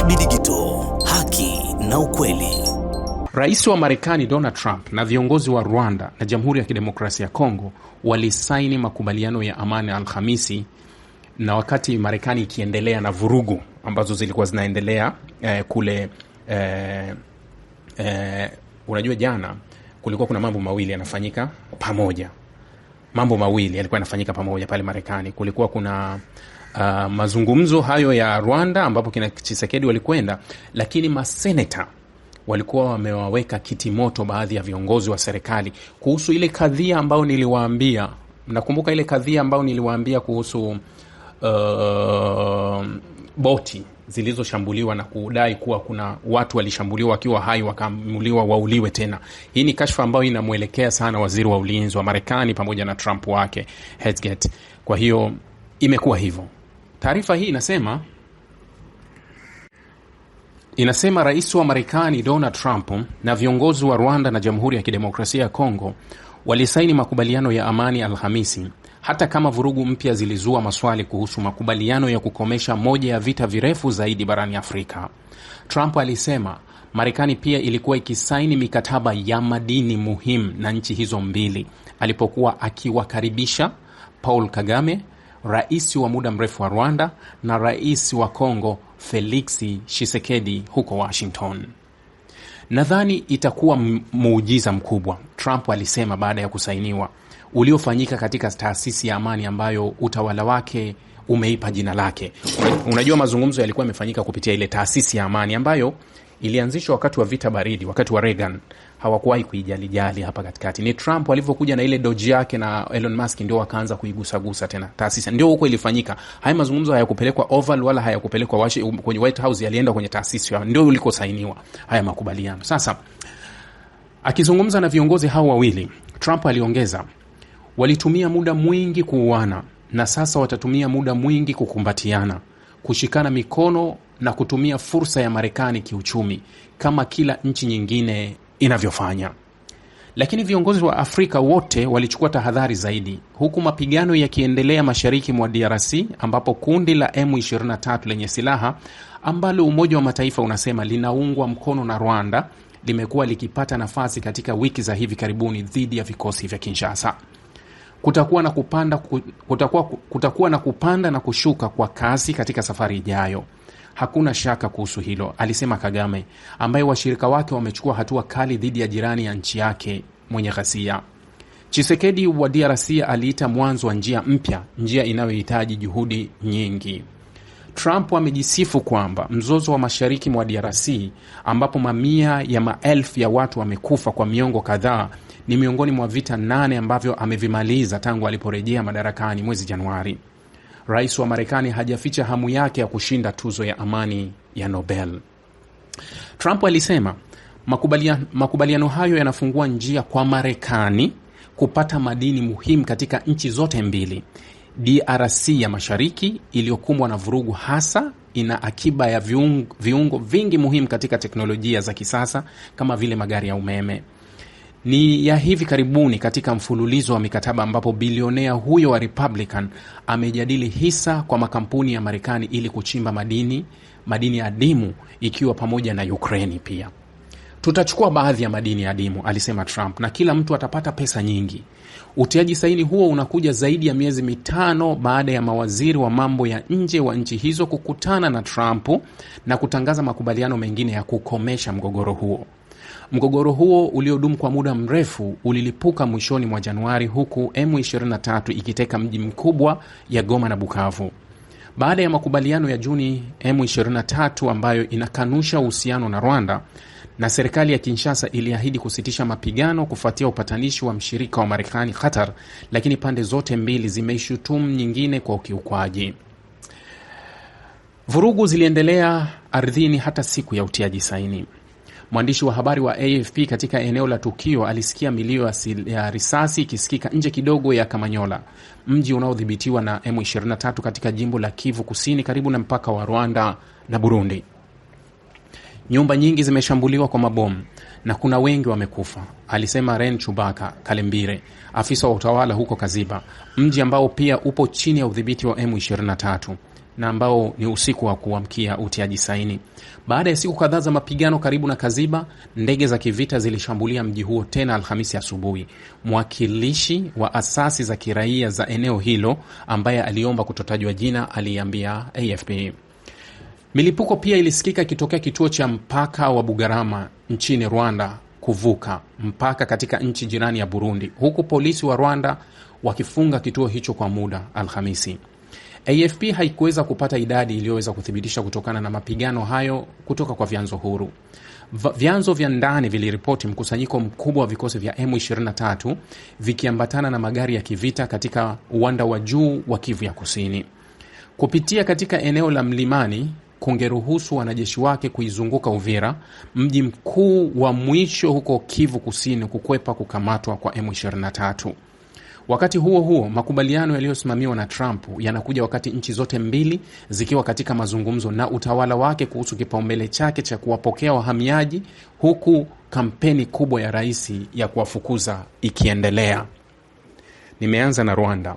DSB Digital, haki na ukweli. Rais wa Marekani Donald Trump na viongozi wa Rwanda na Jamhuri ya Kidemokrasia ya Kongo walisaini makubaliano ya amani Alhamisi, na wakati Marekani ikiendelea na vurugu ambazo zilikuwa zinaendelea eh, kule eh, eh, unajua jana kulikuwa kuna mambo mawili yanafanyika pamoja mambo mawili yalikuwa yanafanyika pamoja pale Marekani. Kulikuwa kuna uh, mazungumzo hayo ya Rwanda ambapo kina Chisekedi walikwenda, lakini maseneta walikuwa wamewaweka kiti moto baadhi ya viongozi wa serikali kuhusu ile kadhia ambayo niliwaambia. Mnakumbuka ile kadhia ambayo niliwaambia kuhusu uh, boti zilizoshambuliwa na kudai kuwa kuna watu walishambuliwa wakiwa hai wakaamuliwa wauliwe tena. Hii ni kashfa ambayo inamwelekea sana waziri wa ulinzi wa Marekani pamoja na Trump wake Hegseth. Kwa hiyo imekuwa hivyo. Taarifa hii inasema inasema rais wa Marekani Donald Trump na viongozi wa Rwanda na Jamhuri ya Kidemokrasia ya Kongo walisaini makubaliano ya amani Alhamisi, hata kama vurugu mpya zilizua maswali kuhusu makubaliano ya kukomesha moja ya vita virefu zaidi barani Afrika. Trump alisema Marekani pia ilikuwa ikisaini mikataba ya madini muhimu na nchi hizo mbili alipokuwa akiwakaribisha Paul Kagame rais wa muda mrefu wa Rwanda na rais wa Kongo feliksi Shisekedi huko Washington. Nadhani itakuwa muujiza mkubwa, Trump alisema baada ya kusainiwa, uliofanyika katika taasisi ya amani ambayo utawala wake umeipa jina lake. Unajua, mazungumzo yalikuwa yamefanyika kupitia ile taasisi ya amani ambayo ilianzishwa wakati wa vita baridi, wakati wa Reagan. Hawakuwahi kuijalijali hapa katikati. Ni Trump alivyokuja na ile doji yake na Elon Musk ndio wakaanza kuigusagusa tena taasisi. Ndio huko ilifanyika. Haya mazungumzo hayakupelekwa Oval wala hayakupelekwa kwenye White House, yalienda kwenye taasisi, ndio ulikosainiwa haya makubaliano. Sasa akizungumza na viongozi hao wawili, Trump aliongeza, walitumia muda mwingi kuuana na sasa watatumia muda mwingi kukumbatiana, kushikana mikono na kutumia fursa ya Marekani kiuchumi kama kila nchi nyingine inavyofanya. Lakini viongozi wa Afrika wote walichukua tahadhari zaidi, huku mapigano yakiendelea mashariki mwa DRC ambapo kundi la M23 lenye silaha ambalo Umoja wa Mataifa unasema linaungwa mkono na Rwanda limekuwa likipata nafasi katika wiki za hivi karibuni dhidi ya vikosi vya Kinshasa. Kutakuwa na kupanda, kutakuwa, kutakuwa na kupanda na kushuka kwa kasi katika safari ijayo. Hakuna shaka kuhusu hilo, alisema Kagame, ambaye washirika wake wamechukua hatua kali dhidi ya jirani ya nchi yake mwenye ghasia. Chisekedi wa DRC aliita mwanzo wa njia mpya, njia inayohitaji juhudi nyingi. Trump amejisifu kwamba mzozo wa mashariki mwa DRC ambapo mamia ya maelfu ya watu wamekufa kwa miongo kadhaa ni miongoni mwa vita nane ambavyo amevimaliza tangu aliporejea madarakani mwezi Januari rais wa Marekani hajaficha hamu yake ya kushinda tuzo ya amani ya Nobel. Trump alisema makubaliano, makubaliano hayo yanafungua njia kwa Marekani kupata madini muhimu katika nchi zote mbili. DRC ya mashariki iliyokumbwa na vurugu hasa ina akiba ya viungo, viungo vingi muhimu katika teknolojia za kisasa kama vile magari ya umeme ni ya hivi karibuni katika mfululizo wa mikataba ambapo bilionea huyo wa Republican amejadili hisa kwa makampuni ya Marekani ili kuchimba madini madini adimu ikiwa pamoja na Ukraini pia. Tutachukua baadhi ya madini adimu, alisema Trump, na kila mtu atapata pesa nyingi. Utiaji saini huo unakuja zaidi ya miezi mitano baada ya mawaziri wa mambo ya nje wa nchi hizo kukutana na Trump na kutangaza makubaliano mengine ya kukomesha mgogoro huo. Mgogoro huo uliodumu kwa muda mrefu ulilipuka mwishoni mwa Januari, huku M23 ikiteka mji mkubwa ya Goma na Bukavu. Baada ya makubaliano ya Juni, M23 ambayo inakanusha uhusiano na Rwanda na serikali ya Kinshasa iliahidi kusitisha mapigano kufuatia upatanishi wa mshirika wa Marekani, Qatar, lakini pande zote mbili zimeishutumu nyingine kwa ukiukwaji. Vurugu ziliendelea ardhini hata siku ya utiaji saini. Mwandishi wa habari wa AFP katika eneo la tukio alisikia milio ya risasi ikisikika nje kidogo ya Kamanyola, mji unaodhibitiwa na M23 katika jimbo la Kivu Kusini, karibu na mpaka wa Rwanda na Burundi. Nyumba nyingi zimeshambuliwa kwa mabomu na kuna wengi wamekufa, alisema Ren Chubaka Kalembire, afisa wa utawala huko Kaziba, mji ambao pia upo chini ya udhibiti wa M23 na ambao ni usiku wa kuamkia utiaji saini. Baada ya siku kadhaa za mapigano karibu na Kaziba, ndege za kivita zilishambulia mji huo tena Alhamisi asubuhi. Mwakilishi wa asasi za kiraia za eneo hilo ambaye aliomba kutotajwa jina aliambia AFP milipuko pia ilisikika ikitokea kituo cha mpaka wa Bugarama nchini Rwanda kuvuka mpaka katika nchi jirani ya Burundi, huku polisi wa Rwanda wakifunga kituo hicho kwa muda Alhamisi. AFP haikuweza kupata idadi iliyoweza kuthibitisha kutokana na mapigano hayo kutoka kwa vyanzo huru. Vyanzo vya ndani viliripoti mkusanyiko mkubwa wa vikosi vya M23 vikiambatana na magari ya kivita katika uwanda wa juu wa Kivu ya Kusini. Kupitia katika eneo la mlimani kungeruhusu wanajeshi wake kuizunguka Uvira, mji mkuu wa mwisho huko Kivu Kusini, kukwepa kukamatwa kwa M23. Wakati huo huo, makubaliano yaliyosimamiwa na Trump yanakuja wakati nchi zote mbili zikiwa katika mazungumzo na utawala wake kuhusu kipaumbele chake cha kuwapokea wahamiaji, huku kampeni kubwa ya rais ya kuwafukuza ikiendelea. Nimeanza na Rwanda.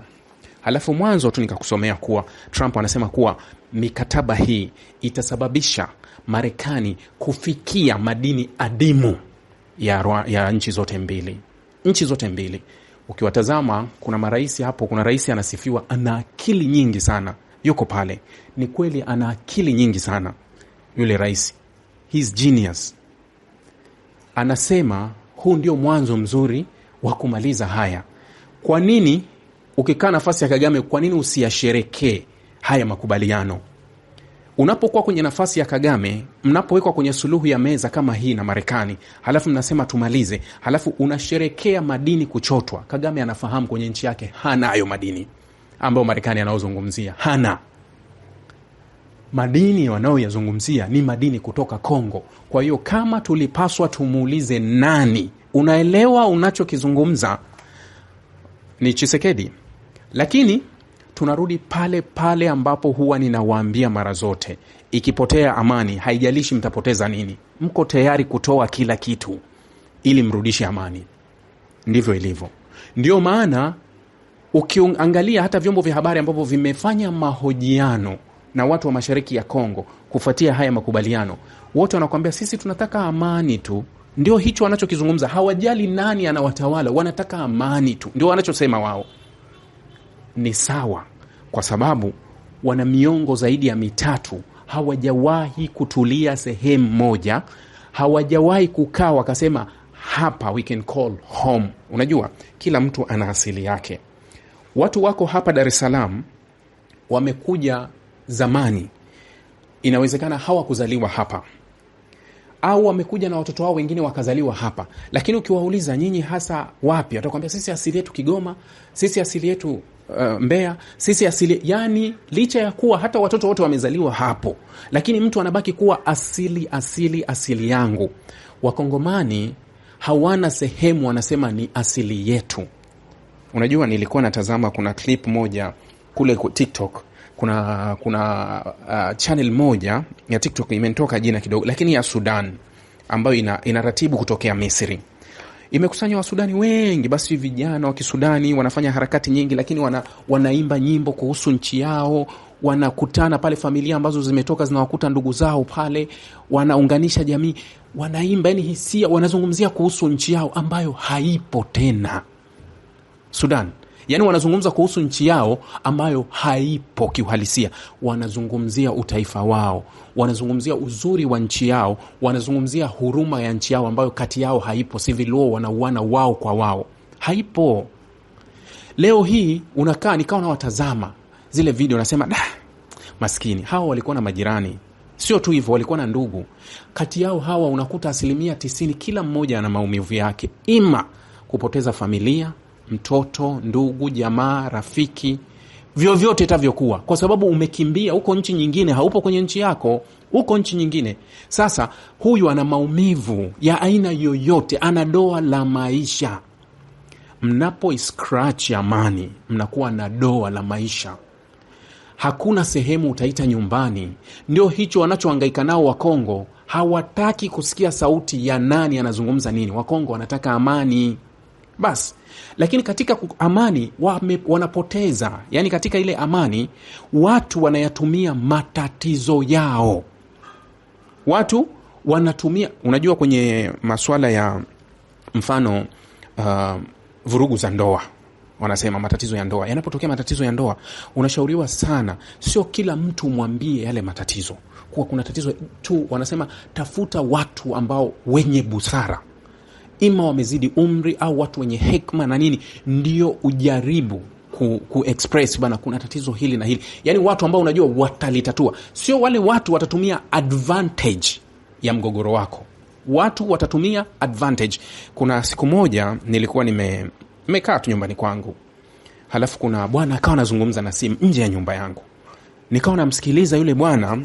Halafu mwanzo tu nikakusomea kuwa Trump anasema kuwa mikataba hii itasababisha Marekani kufikia madini adimu ya, ya nchi zote mbili, nchi zote mbili Ukiwatazama kuna marais hapo, kuna rais anasifiwa, ana akili nyingi sana, yuko pale. Ni kweli ana akili nyingi sana yule rais, he's genius. Anasema huu ndio mwanzo mzuri wa kumaliza haya. Kwa nini ukikaa nafasi ya Kagame, kwa nini usiyasherekee haya makubaliano? unapokuwa kwenye nafasi ya Kagame, mnapowekwa kwenye suluhu ya meza kama hii na Marekani, halafu mnasema tumalize, halafu unasherekea madini kuchotwa. Kagame anafahamu kwenye nchi yake hana hayo madini ambayo Marekani anaozungumzia, hana madini wanaoyazungumzia ni madini kutoka Kongo. Kwa hiyo kama tulipaswa tumuulize nani, unaelewa unachokizungumza ni Chisekedi, lakini tunarudi pale pale ambapo huwa ninawaambia mara zote, ikipotea amani, haijalishi mtapoteza nini, mko tayari kutoa kila kitu ili mrudishe amani. Ndivyo ilivyo. Ndio maana ukiangalia hata vyombo vya habari ambavyo vimefanya mahojiano na watu wa mashariki ya Kongo kufuatia haya makubaliano, wote wanakuambia sisi tunataka amani tu. Ndio hicho wanachokizungumza, hawajali nani anawatawala, wanataka amani tu, ndio wanachosema wao ni sawa, kwa sababu wana miongo zaidi ya mitatu hawajawahi kutulia sehemu moja, hawajawahi kukaa wakasema hapa we can call home. Unajua, kila mtu ana asili yake. Watu wako hapa Dar es Salaam wamekuja zamani, inawezekana hawakuzaliwa hapa au wamekuja na watoto wao wengine wakazaliwa hapa, lakini ukiwauliza nyinyi hasa wapi, watakwambia sisi asili yetu Kigoma, sisi asili yetu Uh, Mbeya sisi asili, yani licha ya kuwa hata watoto wote wamezaliwa hapo, lakini mtu anabaki kuwa asili asili asili yangu. Wakongomani hawana sehemu wanasema ni asili yetu. Unajua, nilikuwa natazama kuna clip moja kule TikTok kuna kuna uh, channel moja ya TikTok imetoka jina kidogo, lakini ya Sudan ambayo ina, inaratibu kutokea Misri imekusanya Wasudani wengi. Basi vijana wa Kisudani wanafanya harakati nyingi, lakini wana, wanaimba nyimbo kuhusu nchi yao, wanakutana pale, familia ambazo zimetoka zinawakuta ndugu zao pale, wanaunganisha jamii, wanaimba yani hisia, wanazungumzia kuhusu nchi yao ambayo haipo tena Sudan yaani wanazungumza kuhusu nchi yao ambayo haipo kiuhalisia. Wanazungumzia utaifa wao, wanazungumzia uzuri wa nchi yao, wanazungumzia huruma ya nchi yao ambayo kati yao haipo. Si Luo wanauana wao kwa wao, haipo. Leo hii unakaa nikawa nawatazama zile video, nasema da, maskini hawa walikuwa na majirani Sio tu hivyo, walikuwa na ndugu. Kati yao hawa unakuta asilimia tisini, kila mmoja ana maumivu yake, ima kupoteza familia, mtoto, ndugu, jamaa, rafiki, vyovyote itavyokuwa, kwa sababu umekimbia huko nchi nyingine, haupo kwenye nchi yako, huko nchi nyingine. Sasa huyu ana maumivu ya aina yoyote, ana doa la maisha. Mnapo scratch amani, mnakuwa na doa la maisha. Hakuna sehemu utaita nyumbani. Ndio hicho wanachohangaika nao Wakongo. Hawataki kusikia sauti ya nani anazungumza nini. Wakongo wanataka amani basi. Lakini katika amani wame, wanapoteza yani, katika ile amani watu wanayatumia matatizo yao, watu wanatumia, unajua kwenye masuala ya mfano uh, vurugu za ndoa wanasema matatizo ya ndoa yanapotokea, matatizo ya ndoa unashauriwa sana, sio kila mtu mwambie yale matatizo, kuwa kuna tatizo tu. Wanasema tafuta watu ambao wenye busara ima wamezidi umri au watu wenye hekma na nini, ndio ujaribu ku, ku express bana, kuna tatizo hili na hili, yaani watu ambao unajua watalitatua, sio wale watu watatumia advantage ya mgogoro wako, watu watatumia advantage. Kuna siku moja nilikuwa nimekaa tu nyumbani kwangu, halafu kuna bwana akawa anazungumza na simu nje ya nyumba yangu, nikawa namsikiliza yule bwana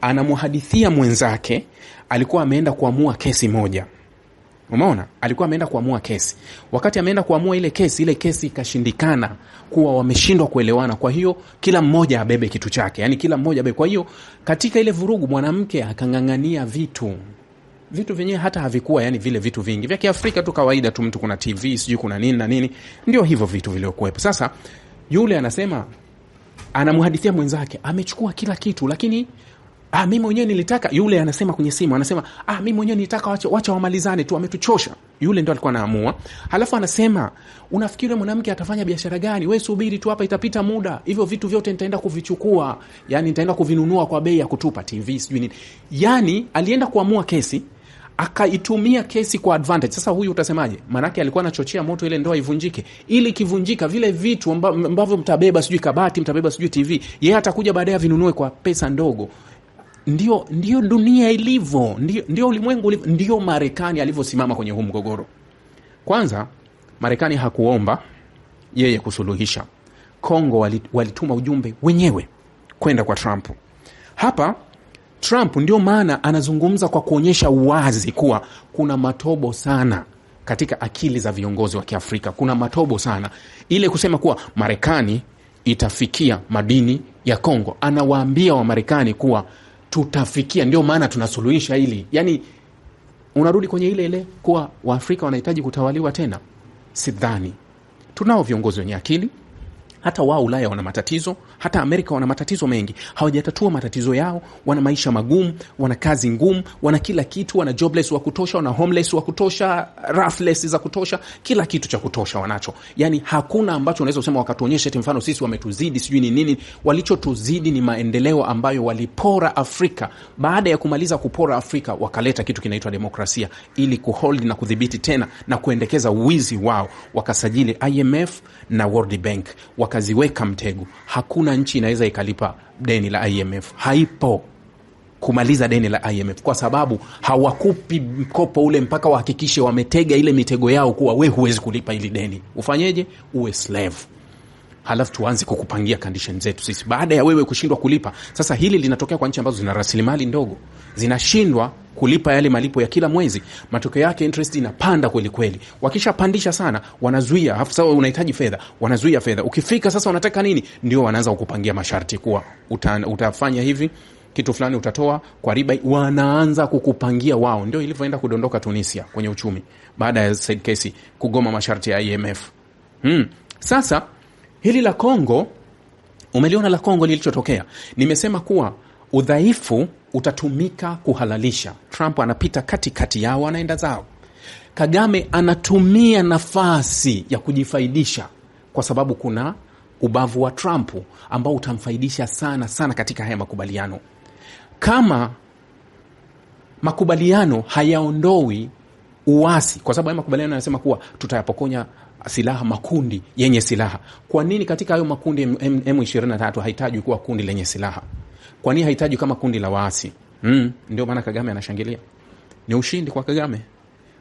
anamhadithia mwenzake, alikuwa ameenda kuamua kesi moja Umeona, alikuwa ameenda kuamua kesi. Wakati ameenda kuamua ile kesi, ile kesi ikashindikana kuwa wameshindwa kuelewana, kwa hiyo kila mmoja abebe kitu chake, yani kila mmoja abebe. Kwa hiyo katika ile vurugu, mwanamke akang'ang'ania vitu vitu vyenyewe hata havikuwa yani vile vitu vingi vya Kiafrika tu kawaida tu, mtu kuna TV sijui kuna nini na nini, ndio hivyo vitu vilivyokuwepo. Sasa yule anasema, anamhadithia mwenzake amechukua kila kitu, lakini ah, mimi mwenyewe nilitaka yule anasema kwenye simu anasema ah, mimi mwenyewe nilitaka wacha, wacha wamalizane tu ametuchosha yule ndo alikuwa anaamua halafu anasema unafikiri mwanamke atafanya biashara gani we subiri tu hapa itapita muda hivyo vitu vyote nitaenda kuvichukua yani nitaenda kuvinunua kwa bei ya kutupa tv sijui nini yani alienda kuamua kesi akaitumia kesi kwa advantage. Sasa huyu utasemaje? Maanake alikuwa anachochea moto ile ndoa ivunjike, ili ikivunjika vile vitu ambavyo mtabeba sijui kabati, mtabeba sijui TV, yeye atakuja baadaye avinunue kwa pesa ndogo ndio, ndio dunia ilivyo, ndio, ndio ulimwengu ilivyo, ndio Marekani alivyosimama kwenye huu mgogoro. Kwanza Marekani hakuomba yeye kusuluhisha Kongo, walituma ujumbe wenyewe kwenda kwa Trump. Hapa Trump ndio maana anazungumza kwa kuonyesha wazi kuwa kuna matobo sana katika akili za viongozi wa Kiafrika, kuna matobo sana. Ile kusema kuwa Marekani itafikia madini ya Kongo, anawaambia Wamarekani kuwa tutafikia. Ndio maana tunasuluhisha hili, yani unarudi kwenye ile ile kuwa waafrika wanahitaji kutawaliwa tena. Sidhani tunao viongozi wenye akili hata wao Ulaya wana matatizo, hata Amerika wana matatizo mengi, hawajatatua matatizo yao. Wana maisha magumu, wana kazi ngumu, wana kila kitu, wana jobless wa kutosha, wana homeless wa kutosha, roughless za kutosha, kila kitu cha kutosha wanacho. Yani hakuna ambacho unaweza kusema wakatuonyesha eti mfano sisi wametuzidi sijui ni nini. Walichotuzidi ni maendeleo ambayo walipora Afrika. Baada ya kumaliza kupora Afrika, wakaleta kitu kinaitwa demokrasia ili kuhold na kudhibiti tena na kuendekeza wizi wao, wakasajili IMF na World Bank wakaziweka mtego. Hakuna nchi inaweza ikalipa deni la IMF, haipo kumaliza deni la IMF kwa sababu hawakupi mkopo ule mpaka wahakikishe wametega ile mitego yao, kuwa we huwezi kulipa ili deni, ufanyeje? Uwe slave halafu tuanze kukupangia condition zetu sisi baada ya wewe kushindwa kulipa. Sasa hili linatokea kwa nchi ambazo zina rasilimali ndogo, zinashindwa kulipa yale malipo ya kila mwezi, matokeo yake interest inapanda kweli kweli. Wakishapandisha sana, wanazuia Sasa unahitaji fedha, wanazuia fedha. Ukifika sasa, wanataka nini? Ndio wanaanza kukupangia masharti kuwa uta, utafanya hivi kitu fulani utatoa kwa riba. Wanaanza kukupangia wao. Ndio ilivyoenda kudondoka Tunisia kwenye uchumi baada ya Said Kesi kugoma masharti ya IMF. Hmm. Sasa hili la Kongo umeliona la Kongo lilichotokea, nimesema kuwa udhaifu utatumika kuhalalisha. Trump anapita katikati yao, anaenda zao. Kagame anatumia nafasi ya kujifaidisha, kwa sababu kuna ubavu wa Trump ambao utamfaidisha sana sana katika haya makubaliano. Kama makubaliano hayaondoi uasi, kwa sababu haya makubaliano yanasema kuwa tutayapokonya silaha makundi yenye silaha. Kwa nini katika hayo makundi M23 haitajwi kuwa kundi lenye silaha? Kwani hahitaji kama kundi la waasi mm. Ndio maana Kagame anashangilia, ni ushindi kwa Kagame.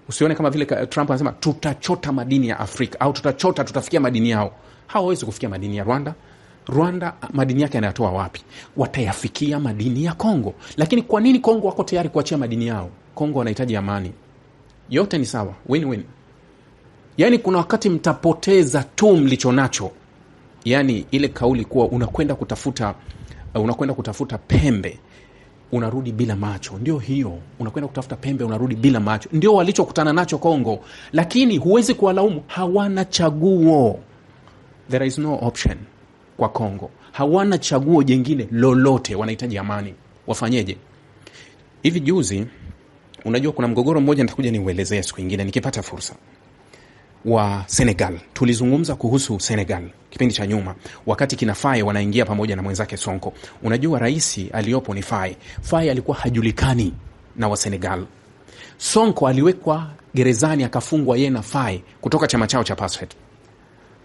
Usione kama vile eh, Trump anasema tutachota madini ya Afrika au tutachota, tutafikia madini yao. Hawawezi kufikia madini ya Rwanda. Rwanda ah, madini yake anayatoa wapi? Watayafikia madini ya Kongo. Lakini kwa nini Kongo wako tayari kuachia madini yao? Kongo wanahitaji amani. Yote ni sawa, win win. Yaani kuna wakati mtapoteza tu mlicho nacho, yaani ile kauli kuwa unakwenda kutafuta Eh, unakwenda kutafuta pembe unarudi bila macho. Ndio hiyo, unakwenda kutafuta pembe unarudi bila macho. Ndio walichokutana nacho Kongo, lakini huwezi kuwalaumu, hawana chaguo. There is no option kwa Kongo, hawana chaguo jengine lolote, wanahitaji amani. Wafanyeje? Hivi juzi, unajua kuna mgogoro mmoja, nitakuja niuelezea siku ingine nikipata fursa wa Senegal. Tulizungumza kuhusu Senegal kipindi cha nyuma, wakati kina Faye wanaingia pamoja na mwenzake Sonko. Unajua rais aliyopo ni Faye. Faye alikuwa hajulikani na Wasenegal. Sonko aliwekwa gerezani akafungwa yeye na Faye kutoka chama chao cha Pasfet.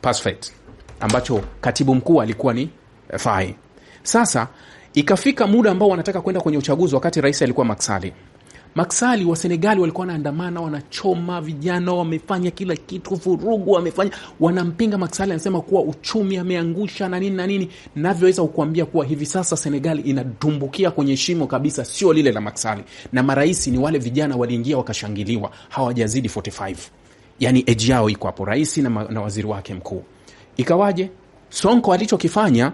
Pasfet ambacho katibu mkuu alikuwa ni eh, Faye. Sasa ikafika muda ambao wanataka kwenda kwenye uchaguzi, wakati rais alikuwa Macky Sall Maksali wa Senegali walikuwa wanaandamana, wanachoma vijana, wamefanya kila kitu, vurugu wamefanya, wanampinga Maksali, anasema kuwa uchumi ameangusha na nini na nini. Navyoweza kukuambia kuwa hivi sasa Senegali inatumbukia kwenye shimo kabisa, sio lile la Maksali, na marais ni wale vijana waliingia wakashangiliwa, hawajazidi 45 yani eji yao iko hapo, rais na, na waziri wake mkuu. Ikawaje? Sonko alichokifanya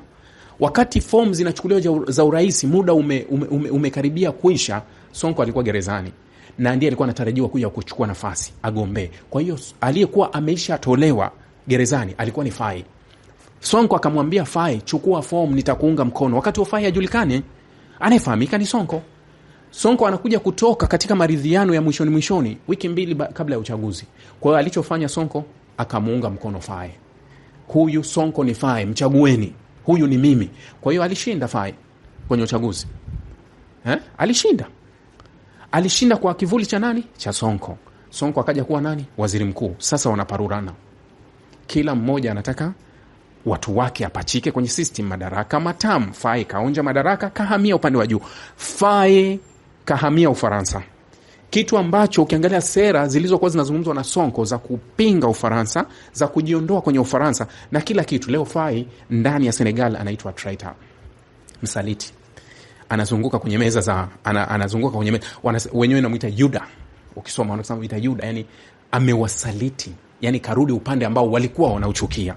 wakati fomu zinachukuliwa za urais, muda umekaribia ume, ume, ume kuisha Sonko alikuwa gerezani na ndiye alikuwa anatarajiwa kuja kuchukua nafasi agombee. Kwa hiyo aliyekuwa ameishatolewa gerezani alikuwa ni Fai. Sonko akamwambia Fai, chukua fomu, nitakuunga mkono. Wakati wa Fai ajulikane, anayefahamika ni Sonko. Sonko anakuja kutoka katika maridhiano ya mwishoni mwishoni, wiki mbili kabla ya uchaguzi. Kwa hiyo alichofanya Sonko akamuunga mkono Fai. Huyu Sonko ni Fai, mchagueni huyu, ni mimi. Kwa hiyo alishinda Fai kwenye uchaguzi eh? Alishinda. Alishinda kwa kivuli cha nani? Cha Sonko. Sonko akaja kuwa nani? Waziri mkuu. Sasa wanaparurana, kila mmoja anataka watu wake apachike kwenye system, madaraka Matam Faye kaonja madaraka, kahamia upande wa juu. Faye kahamia Ufaransa, kitu ambacho ukiangalia sera zilizokuwa zinazungumzwa na Sonko za kupinga Ufaransa, za kujiondoa kwenye Ufaransa na kila kitu, leo fa ndani ya Senegal anaitwa traitor, msaliti anazunguka kwenye meza za ana, anazunguka kwenye meza wenyewe namwita Yuda, ukisoma wanasema ita Yuda, yani amewasaliti, yani karudi upande ambao walikuwa wanauchukia.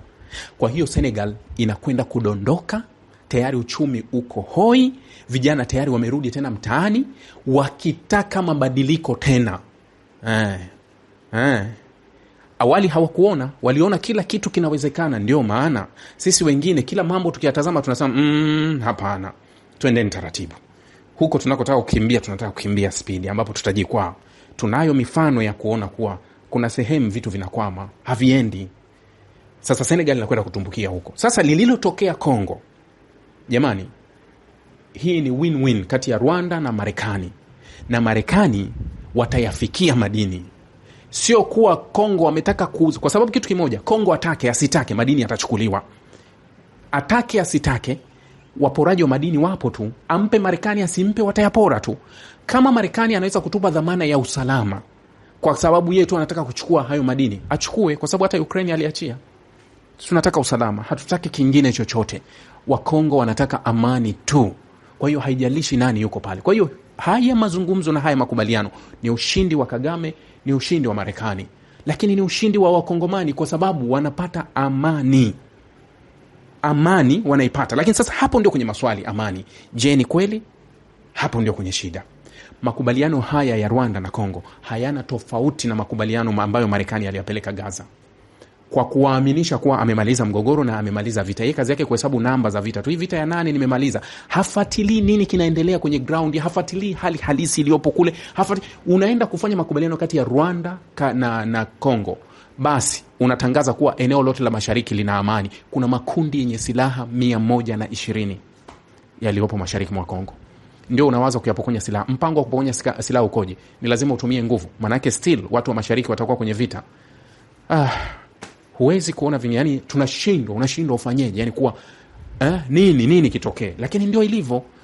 Kwa hiyo Senegal inakwenda kudondoka tayari, uchumi uko hoi, vijana tayari wamerudi tena mtaani wakitaka mabadiliko tena eh, eh. Awali hawakuona, waliona kila kitu kinawezekana. Ndio maana sisi wengine kila mambo tukiyatazama tunasema mm, hapana twendeni taratibu. Huko tunakotaka kukimbia, tunataka kukimbia spidi ambapo tutajikwaa. Tunayo mifano ya kuona kuwa kuna sehemu vitu vinakwama, haviendi. Sasa Senegal inakwenda kutumbukia huko. Sasa lililotokea Congo, jamani, hii ni win-win kati ya Rwanda na Marekani, na Marekani watayafikia madini Sio kuwa Congo wametaka kuuza, kwa sababu kitu kimoja, Congo atake asitake, madini yatachukuliwa, atake asitake, waporaji wa madini wapo tu, ampe Marekani asimpe, watayapora tu. Kama Marekani anaweza kutupa dhamana ya usalama kwa sababu yeye tu anataka kuchukua hayo madini, achukue, kwa sababu hata Ukraini aliachia. Tunataka usalama, hatutaki kingine chochote. Wakongo wanataka amani tu, kwa hiyo haijalishi nani yuko pale. Kwa hiyo haya mazungumzo na haya makubaliano ni ushindi wa Kagame, ni ushindi wa Marekani, lakini ni ushindi wa Wakongomani kwa sababu wanapata amani amani wanaipata. Lakini sasa hapo ndio kwenye maswali amani, je, ni kweli? Hapo ndio kwenye shida. Makubaliano haya ya Rwanda na Congo hayana tofauti na makubaliano ambayo Marekani aliyapeleka Gaza kwa kuwaaminisha kuwa amemaliza mgogoro na amemaliza vita. Yeye kazi yake kuhesabu namba za vita tu, hii vita ya nane nimemaliza. Hafuatilii nini kinaendelea kwenye ground, hafuatilii hali halisi iliyopo kule. Hafatili. Unaenda kufanya makubaliano kati ya Rwanda na, na Congo basi unatangaza kuwa eneo lote la mashariki lina amani. Kuna makundi yenye silaha mia moja na ishirini yaliyopo mashariki mwa Kongo. Ndio unawaza kuyapokonya silaha. Mpango wa kupokonya silaha ukoje? Ni lazima utumie nguvu, maanake still watu wa mashariki watakuwa kwenye vita. Ah, huwezi kuona vini, yani tunashindwa, unashindwa ufanyeje, yani kuwa eh, nini nini kitokee, lakini ndio ilivyo.